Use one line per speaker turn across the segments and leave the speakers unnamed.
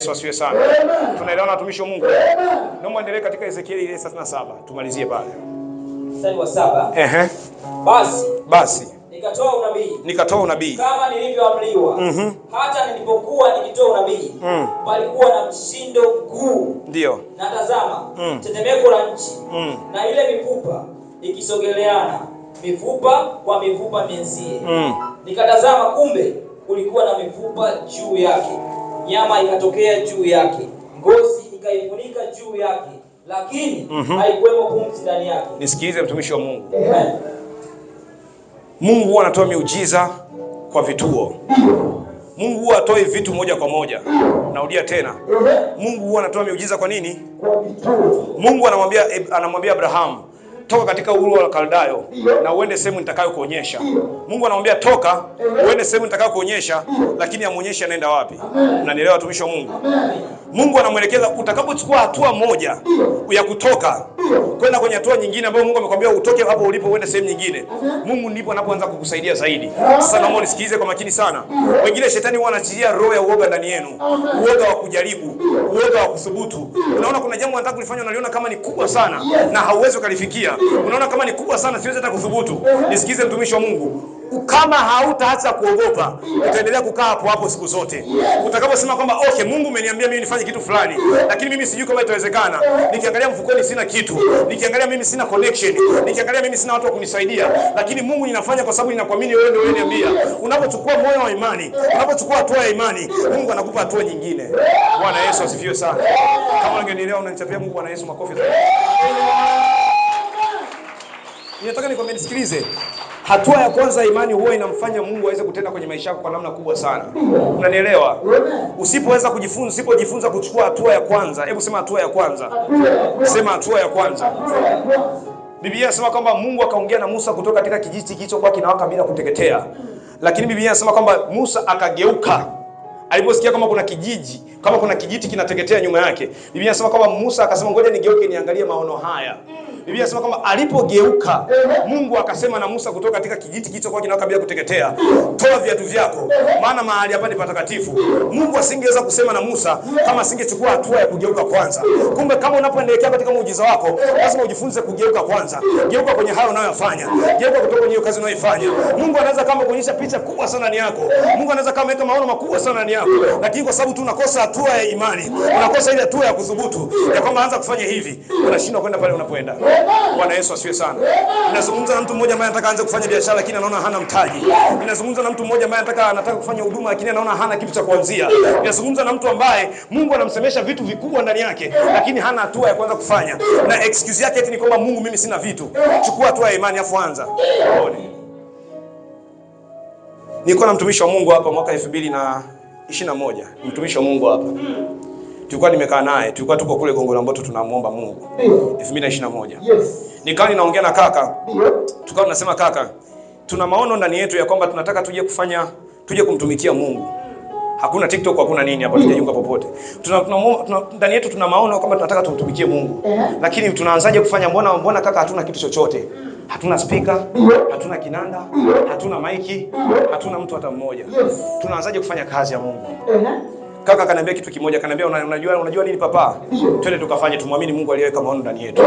Yesu asiwe sana. Tunaelewana watumishi wa Mungu. Naomba endelee katika Ezekieli ile 37. Tumalizie pale.
Mstari wa 7. Ehe. Basi, basi nikatoa unabii.
Nikatoa unabii.
Kama nilivyoamriwa. Mhm. Mm Hata nilipokuwa nikitoa unabii, mm. palikuwa na mshindo mkuu. Ndio. Na tazama, mm. tetemeko la nchi. Mm. Na ile mifupa ikisogeleana, mifupa kwa mifupa mienzie. Mhm. Nikatazama kumbe kulikuwa na mifupa juu yake nyama ikatokea juu yake, ngozi ikaifunika juu yake, lakini mm -hmm. haikuwemo pumzi ndani yake.
Nisikilize mtumishi wa Mungu. Amen. Mungu huwa anatoa miujiza kwa vituo. Mungu huwa atoi vitu moja kwa moja. Narudia tena, Mungu huwa anatoa miujiza kwa nini? Kwa vituo. Mungu anamwambia eh, anamwambia Abrahamu toka katika uhuru wa Kaldayo na uende sehemu nitakayokuonyesha. Mungu anamwambia toka, uende sehemu nitakayokuonyesha, lakini amuonyeshe anaenda wapi. Mnanielewa watumishi wa Mungu? Mungu anamwelekeza utakapochukua hatua moja ya kutoka kwenda kwenye hatua nyingine ambayo Mungu amekwambia utoke hapo ulipo uende sehemu nyingine. Mungu ndipo anapoanza kukusaidia zaidi. Sasa naomba nisikilize kwa makini sana. Wengine shetani huwa anachilia roho ya uoga ndani yenu, uoga wa kujaribu, uoga wa kuthubutu. Unaona kuna jambo anataka kulifanya, unaliona kama ni kubwa sana na hauwezi ukalifikia. Unaona kama ni kubwa sana, siwezi hata kuthubutu. Nisikize mtumishi wa Mungu kama hautaacha kuogopa utaendelea kukaa hapo hapo siku zote. Utakaposema kwamba okay, Mungu umeniambia mimi nifanye kitu fulani, lakini mimi sijui kama itawezekana. Nikiangalia mfukoni sina kitu, nikiangalia mimi sina connection, nikiangalia mimi sina watu wa kunisaidia, lakini Mungu ninafanya kwa sababu ninakuamini wewe, ndio uliniambia. Unapochukua moyo wa imani, unapochukua hatua ya imani, Mungu anakupa hatua nyingine. Bwana Yesu asifiwe sana. Kama ungeendelea unanichapia Mungu. Bwana Yesu, makofi. Ninataka nikwambie, nisikilize. Hatua ya kwanza imani huwa inamfanya Mungu aweze kutenda kwenye maisha yako kwa namna kubwa sana. Unanielewa? Usipoweza kujifunza, usipojifunza kuchukua hatua ya kwanza, hebu sema hatua ya kwanza, sema hatua ya kwanza. Biblia inasema kwamba Mungu akaongea na Musa kutoka katika kijiti kilichokuwa kinawaka bila kuteketea, lakini Biblia inasema kwamba Musa akageuka aliposikia kama kuna kijiji kama kuna kijiti kinateketea nyuma yake. Biblia inasema kwamba Musa akasema, ngoja nigeuke niangalie maono haya Biblia inasema kwamba alipogeuka Mungu akasema na Musa kutoka katika kijiti kilichokuwa kinakaribia kuteketea, toa viatu vyako, maana mahali hapa ni patakatifu. Mungu asingeweza kusema na Musa kama asingechukua hatua ya kugeuka kwanza. Kumbe kama unapoendelea katika muujiza wako, lazima ujifunze kugeuka kwanza. Geuka kwenye hayo unayoyafanya, geuka kutoka kwenye kazi unayoifanya. Mungu anaweza kama kuonyesha picha kubwa sana ndani yako, Mungu anaweza kama kuleta maono makubwa sana ndani yako, lakini kwa sababu tu unakosa hatua ya imani, unakosa ile hatua ya kudhubutu ya kwamba anza kufanya hivi, unashindwa kwenda pale unapoenda. Bwana Yesu asifiwe sana. Ninazungumza na mtu mmoja ambaye anataka aanze kufanya biashara lakini anaona hana mtaji. Ninazungumza na mtu mmoja ambaye anataka anataka kufanya huduma lakini anaona hana kitu cha kuanzia. Ninazungumza na mtu ambaye Mungu anamsemesha vitu vikubwa ndani yake lakini hana hatua ya kuanza kufanya. Na excuse yake eti ni kwamba Mungu, mimi sina vitu. Chukua hatua ya imani afu anza. Nilikuwa na mtumishi wa Mungu hapa mwaka 2021. Mtumishi wa Mungu hapa tulikuwa nimekaa naye, tulikuwa tuko kule Gongo la Mboto tunamuomba Mungu 2021. Yes. Nikawa ninaongea na kaka. Ndio. Tukawa tunasema kaka, tuna maono ndani yetu ya kwamba tunataka tuje kufanya tuje kumtumikia Mungu. Hakuna TikTok, hakuna nini hapa, tunajiunga popote. Tuna ndani yetu tuna maono kwamba tunataka tumtumikie Mungu. Lakini tunaanzaje kufanya? Mbona mbona kaka, hatuna kitu chochote. Hatuna speaker, hatuna kinanda, hatuna maiki, hatuna mtu hata mmoja. Tunaanzaje kufanya kazi ya Mungu? kaka kaniambia kitu kimoja, kaniambia unajua, unajua nini papa, twende tukafanye, tumwamini Mungu aliyeweka maono ndani yetu.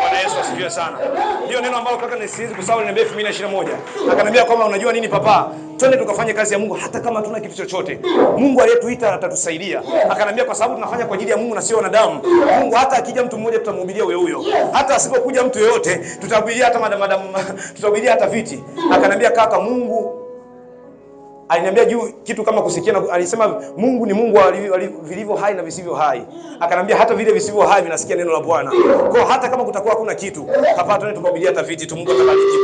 Bwana Yesu asifiwe sana. Ndio neno ambalo kaka ni siwezi kusahau, linaambia 2021 akaniambia kwamba unajua nini papa, twende tukafanye kazi ya Mungu hata kama tuna kitu chochote. Mungu aliyetuita atatusaidia. Akaniambia kwa sababu tunafanya kwa ajili ya Mungu na sio wanadamu. Mungu hata akija mtu mmoja tutamhubiria wewe huyo, hata asipokuja mtu yeyote tutahubiria, hata madam, tutahubiria hata viti. Akaniambia kaka, Mungu aliniambia juu kitu kama kusikia alisema Mungu ni Mungu vilivyo hai na visivyo hai. Akanambia hata vile visivyo hai vinasikia neno la Bwana. Kwa hata kama kutakuwa hakuna kitu, kapata twende tukabilia tafiti tu Mungu atabariki.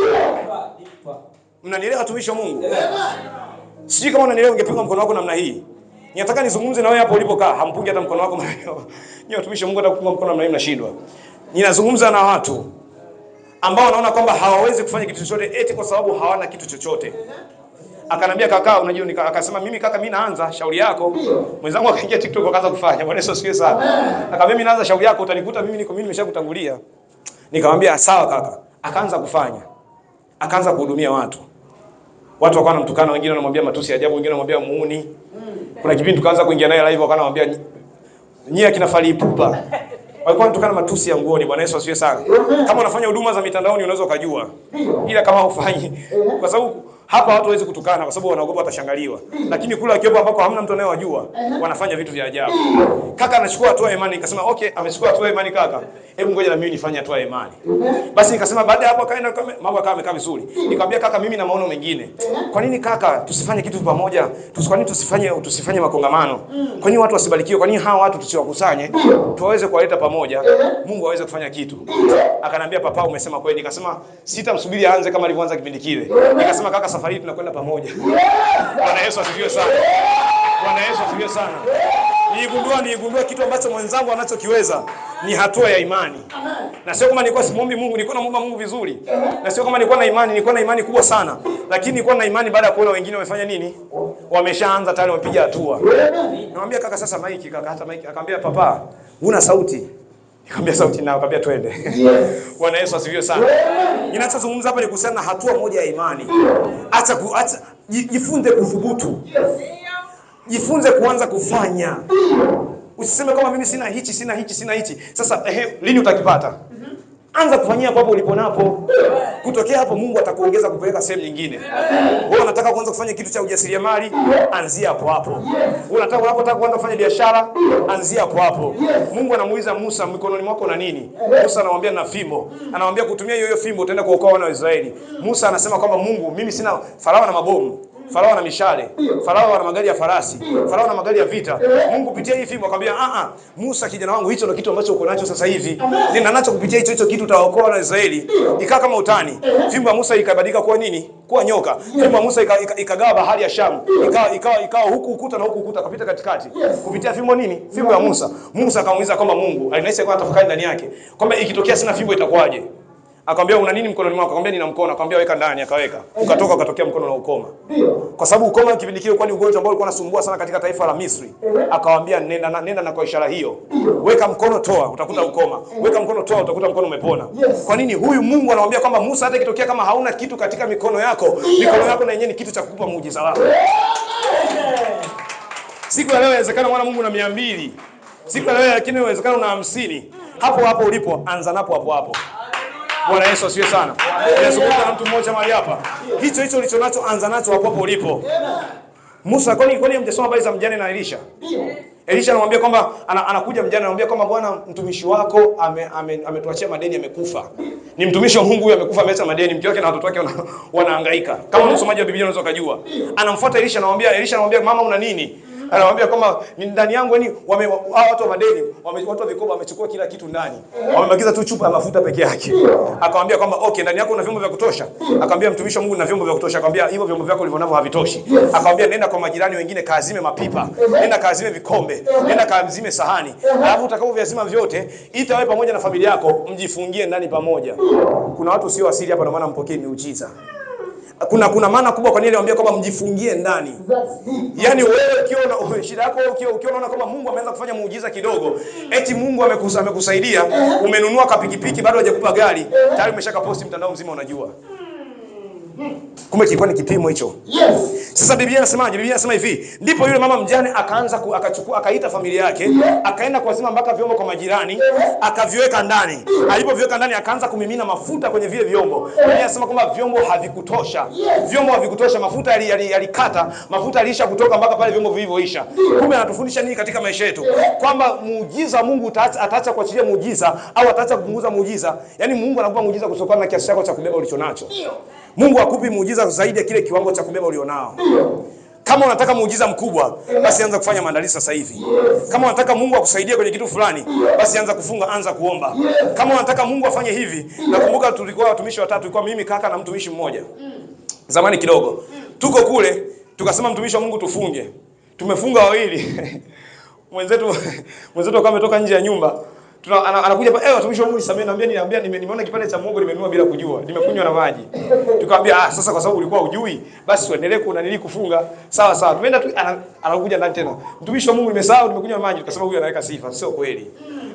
Mnanielewa tumisho Mungu? Sijui kama unanielewa ungepiga mkono wako namna hii. Ninataka nizungumze na wewe hapo ulipokaa, hampungi hata mkono wako mara. Nyewe watumishi wa Mungu atakupunga mkono namna hii mnashindwa. Ninazungumza na watu ambao wanaona kwamba hawawezi kufanya kitu chochote eti kwa sababu hawana kitu chochote akanambia kaka, unajua nika, akasema mimi kaka, mimi naanza shauri yako. Mwenzangu akaingia TikTok akaanza kufanya. Bwana Yesu asifiwe sana. Akamwambia mimi naanza shauri yako, utanikuta mimi niko mimi nimeshakutangulia. Nikamwambia sawa kaka. Akaanza kufanya. Akaanza kuhudumia watu. Watu wakawa wanamtukana, wengine wanamwambia matusi ajabu, wengine wanamwambia muuni. Mm. Kuna kipindi tukaanza kuingia naye live, wakawa wanamwambia nyie akina Falipupa. Walikuwa wanatukana matusi ya nguoni. Bwana Yesu asifiwe sana. Kama unafanya huduma za mitandaoni unaweza ukajua, ila kama hufanyi, kwa sababu hapa watu hawezi kutukana kwa sababu wanaogopa watashangaliwa, lakini kule akiwepo ambako hamna mtu anayewajua wanafanya vitu vya ajabu. Kaka anachukua hatua ya imani, nikasema okay, amechukua hatua ya imani kaka, hebu ngoja na mimi nifanye hatua ya imani. Basi nikasema baada ya hapo akaenda, mambo yakawa yamekaa vizuri. Nikamwambia kaka, mimi na maono mengine. Kwa nini kaka tusifanye kitu pamoja? Kwa nini tusifanye tusifanye makongamano? Mm. Kwa nini watu wasibarikiwe? Kwa nini hawa watu tusiwakusanye mm. tuwaweze kuwaleta pamoja, Mungu aweze kufanya kitu? Mm. Akanambia papa, umesema kweli. Nikasema sitamsubiri aanze kama alivyoanza kipindi kile. Nikasema kaka safari hii tunakwenda pamoja. Bwana Yesu asifiwe sana. Bwana Yesu asifiwe sana. Niigundua niigundua kitu ambacho mwenzangu anachokiweza ni hatua ya imani. Na sio kama nilikuwa simuombi Mungu, nilikuwa namuomba Mungu vizuri. Na sio kama nilikuwa na imani, nilikuwa na imani kubwa sana. Lakini nilikuwa na imani baada ya kuona wengine wamefanya nini? Wameshaanza tayari wamepiga hatua. Namwambia kaka sasa maiki kaka hata maiki akamwambia papa, una sauti. Nikamwambia mm-hmm. sauti nao, kaambia twende. Yes. Bwana Yesu asifiwe sana. Yeah. Ninachozungumza hapa ni kuhusiana na hatua moja ya imani. Acha ku, acha jifunze kuthubutu. Jifunze kuanza kufanya. Usiseme kama mimi sina hichi, sina hichi, sina hichi. Sasa ehe, lini utakipata? Anza kufanyia hapo ulipo napo. Kutokea hapo Mungu atakuongeza kupeleka sehemu nyingine. Wewe unataka kuanza kufanya kitu cha ujasiriamali, anzia hapo hapo. Wewe unataka unataka kuanza kufanya biashara, anzia hapo hapo. Mungu anamuuliza Musa, mikononi mwako na nini? Musa anamwambia na fimbo. Anamwambia kutumia hiyo hiyo fimbo utaenda kuokoa wana wa Israeli. Musa anasema kwamba Mungu, mimi sina Farao na mabomu. Farao ana mishale, Farao ana magari ya farasi, Farao ana magari ya vita. Eh. Mungu kupitia hii filamu akamwambia, a ah, a, ah, Musa kijana wangu, hicho ndio kitu ambacho uko nacho sasa hivi, nina nacho kupitia hicho hicho kitu utaokoa na Israeli. Ikaa kama utani, eh. fimbo ya Musa ikabadilika kuwa nini? Kuwa nyoka. Fimbo ya Musa ikagawa ika, ika bahari ya Shamu, ikawa ikawa ikawa huku ukuta na huku ukuta, kapita katikati kupitia fimbo nini? Fimbo ya Musa. Musa akamuuliza kwamba Mungu alinaisha kwa tafakari ndani yake kwamba ikitokea sina fimbo itakuwaje? akamwambia una nini mkononi mwako? Akamwambia nina mkono. Akamwambia weka ndani, akaweka. Ukatoka ukatokea mkono na ukoma. Ndio. Kwa sababu ukoma kipindi kile ni ugonjwa ambao ulikuwa unasumbua sana katika taifa la Misri. Akamwambia nenda na, nenda na kwa ishara hiyo. Weka mkono toa, utakuta ukoma. Weka mkono toa, utakuta mkono umepona. Kwa nini huyu Mungu anamwambia kwamba Musa hata ikitokea kama hauna kitu katika mikono yako, mikono yako na yenyewe ni kitu cha kukupa muujiza wako. Siku ya leo inawezekana mwana Mungu na 200. Siku ya leo lakini inawezekana una 50. Hapo hapo ulipo, anza napo hapo hapo. Bwana Yesu asifiwe sana. Ninazungumza na mtu mmoja mahali hapa, hicho hicho ulicho nacho anza nacho hapo hapo ulipo. Musa, kwani kwani mjasoma habari za mjane na Elisha? Ndio. Elisha anamwambia kwamba anakuja mjane anamwambia kwamba bwana, mtumishi wako ametuachia ame, madeni amekufa. Ni mtumishi wa Mungu huyu amekufa, ameacha madeni, mke wake na watoto wake wanahangaika. Kama unasomaji wa Biblia unaweza kujua. Anamfuata Elisha anamwambia, Elisha anamwambia mama, una nini? anamwambia kwamba ndani yangu ni wame hao watu wa madeni wame, watu wa vikoba wamechukua kila kitu ndani, wamebakiza tu chupa ya mafuta peke yake. Akamwambia kwamba okay, ndani yako una vyombo vya kutosha? Akamwambia mtumishi wa Mungu, na vyombo vya kutosha. Akamwambia hivyo vyombo vyako ulivyo navyo havitoshi. Akamwambia nenda kwa majirani wengine, kaazime mapipa, nenda kaazime vikombe, nenda kaazime sahani, alafu utakapovyazima vyote, ita wewe pamoja na familia yako mjifungie ndani pamoja. Kuna watu sio asili hapa, ndio maana mpokee miujiza kuna kuna maana kubwa kwa nini aliwaambia kwamba mjifungie ndani. Yaani wewe ukiona shida yako ukiona ukiona kwamba Mungu ameanza kufanya muujiza kidogo, eti Mungu amekusa, amekusaidia, umenunua kapikipiki bado hajakupa gari, tayari umeshaka posti mtandao mzima unajua. Hmm. Hmm. Kumbe kilikuwa ni kipimo hicho. Yes. Sasa Biblia inasemaje? Biblia anasema hivi, ndipo yule mama mjane akaanza akachukua akaita familia yake, yes. akaenda kuwazima mpaka vyombo kwa majirani, yes. akaviweka ndani. yes. Alipoviweka ndani akaanza kumimina mafuta kwenye vile vyombo. yes. yeah. inasema kwamba vyombo havikutosha. Yes. Vyombo havikutosha, mafuta yalikata, mafuta yaliisha kutoka mpaka pale vyombo vilivyoisha. yes. Kumbe anatufundisha nini katika maisha yetu? yes. Kwamba muujiza Mungu ataacha kuachilia muujiza au ataacha kupunguza muujiza. Yaani Mungu anakupa muujiza kutokana na kiasi chako cha kubeba ulichonacho. Mungu akupi muujiza muujiza zaidi ya kile kiwango cha kubeba ulionao. Kama unataka muujiza mkubwa, basi anza kufanya maandalizi sasa hivi. Kama unataka Mungu akusaidie kwenye kitu fulani, basi anza kufunga, anza kuomba. Kama unataka Mungu afanye hivi, nakumbuka tulikuwa watumishi watatu, ilikuwa mimi, kaka na mtumishi mmoja. Zamani kidogo. Tuko kule, tukasema mtumishi wa Mungu tufunge. Tumefunga wawili. Mwenzetu mwenzetu akawa ametoka nje ya nyumba, tuna anakuja eh, watumishi wa Mungu nisamee, naambia niambia, nimeona kipande cha muogo nimenunua bila kujua, nimekunywa na maji. Tukamwambia ah, sasa kwa sababu ulikuwa ujui, basi uendelee kuna nili kufunga. Sawa sawa, tumeenda tu, anakuja ndani tena, mtumishi wa Mungu nimesahau, nimekunywa maji. Tukasema huyu anaweka sifa, sio kweli,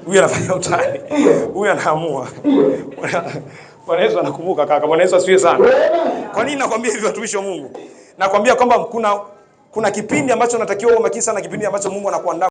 huyu anafanya utani, huyu anaamua. Bwana Yesu anakumbuka kaka, Bwana Yesu asifiwe sana. Kwa nini nakwambia hivyo, watumishi wa Mungu? Nakwambia kwamba kuna kuna kipindi ambacho natakiwa uwe makini sana, kipindi ambacho Mungu anakuandaa